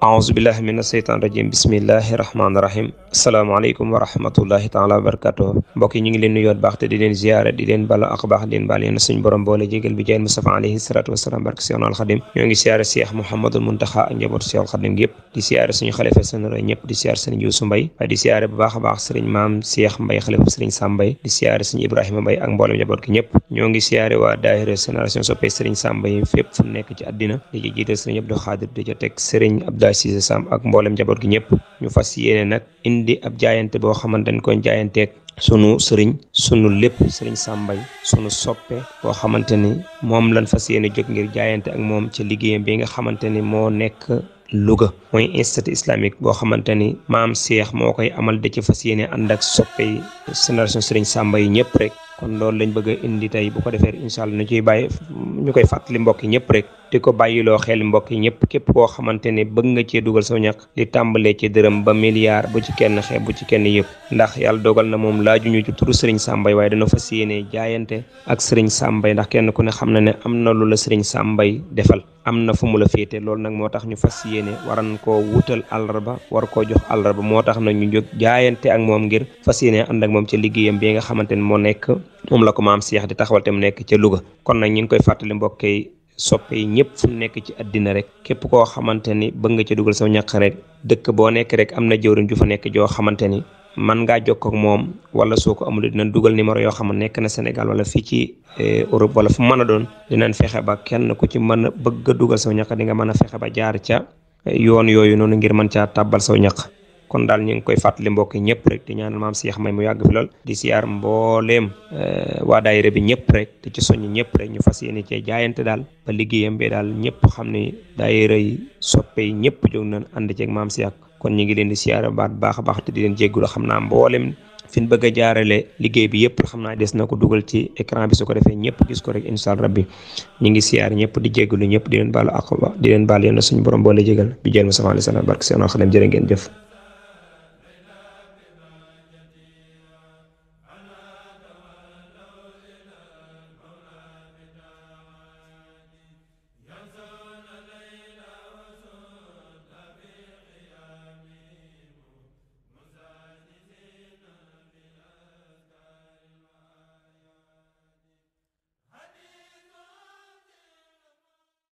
ahousubillahi min asheytaan rajim bismillahi rahmanirahim asalaamaaleykum wa rahmatullahi taala wa barakatuh mbokk yi ñu ngi leen nuyoot baax te di leen ziyaara di leen bala ak baax di leen baal yéen suñ borom boole jégal bi jayel Mustafa alayhi salatu wasalaam barke Seex al ñoo ngi ziyaara Seex Muhammadul Muntaxa ak njabootu Seex al Xadim yëpp di ziyaara suñu xalifa senera ñëpp di ziyaara sëriñ Yuusu Mbay waaye di ziyaara bu baax a gi ñëpp ñoo ngi ziyaara waa daayira génération soppee sëriñ Sam Abdoulaye Cissé Samb ak mboolem njaboot gi ñëpp ñu fas yéene nag indi ab jaayante boo xamante dañ koy jaayanteeg sunu sëriñ sunu lépp sëriñ Sambay sunu soppe boo xamante ni moom lañ fas yéene jóg ngir jaayante ak moom ca liggéeyam bi nga xamante ni moo nekk Louga mooy institut islamique boo xamante ni maam Cheikh moo koy amal da ci fas yéene ànd ak soppe yi sëriñ Serigne Samba yi ñëpp rek kon loolu lañ bëgg indi tey bu ko defee incha allah ñu koy fàttali mbokk yi ñëpp rek. di ko bàyyiloo xel mbokk yi ñëpp képp koo xamante ne bëgg nga cee dugal saw ñaq di tàmbalee ci dërëm ba milliard bu ci kenn xeeb bu ci kenn yëpp ndax yàlla dogal na moom laajuñu ci turu sëriñ Sambay waaye dana fas yéene jaayante ak sëriñ Sambay ndax kenn ku ne xam na ne am na lu la sëriñ Sambay defal am na fu mu la féete loolu nag moo tax ñu fas yéene waran koo wutal àllarba war koo jox àllarba moo tax na ñu jog jaayante ak moom ngir fas yéene ànd ak moom ci liggéeyam bi nga xamante ne moo nekk moom la ko maam Seex di taxawal te mu nekk ca Louga kon nag ñu koy fàttali soppe yi ñëpp fu nekk ci àddina rek képp koo xamante ni bëgg nga ca dugal sa ñaq rek dëkk boo nekk rek am na jëwriñ ju fa nekk joo xamante ni man ngaa jokkook ak moom wala soo ko amul dinañ dugal numéro yoo xam ne nekk na Sénégal wala fii ci eh, Europe wala fu mën a doon dinañ fexe ba kenn ku ci mën a bëgg a dugal saw ñakk di nga mën a fexe ba jaar ca yoon yooyu noonu ngir mën caa tàbbal saw ñaq kon daal ñu ngi koy fàttali mbokk yi ñëpp rek di ñaanal maam si yaxamay mu yàgg lool di siyaar mbooleem eh, waa daayira bi ñëpp rek te ci soññ ñëpp rek ñu fas yéene cee jaayante daal ba liggéeyam bi daal ñëpp xam ne daayira yi soppe yi ñëpp jóg nañ ànd ceeg maam si yàq kon ñu ngi leen di siyaare baat baax a baax te di leen jéggulu xam naa mboolem fi ñu bëgg a liggéey bi yëpp xam naa des na ko dugal ci écran bi su ko defee ñëpp gis ko rek incha allah rabbi ñu ngi siyaar ñëpp di jégalu ñëpp di leen baal ak di leen baal yéen suñu borom boole jégal bi jël ma sama alayhi salaam barke seen xalam jërë ngeen jëf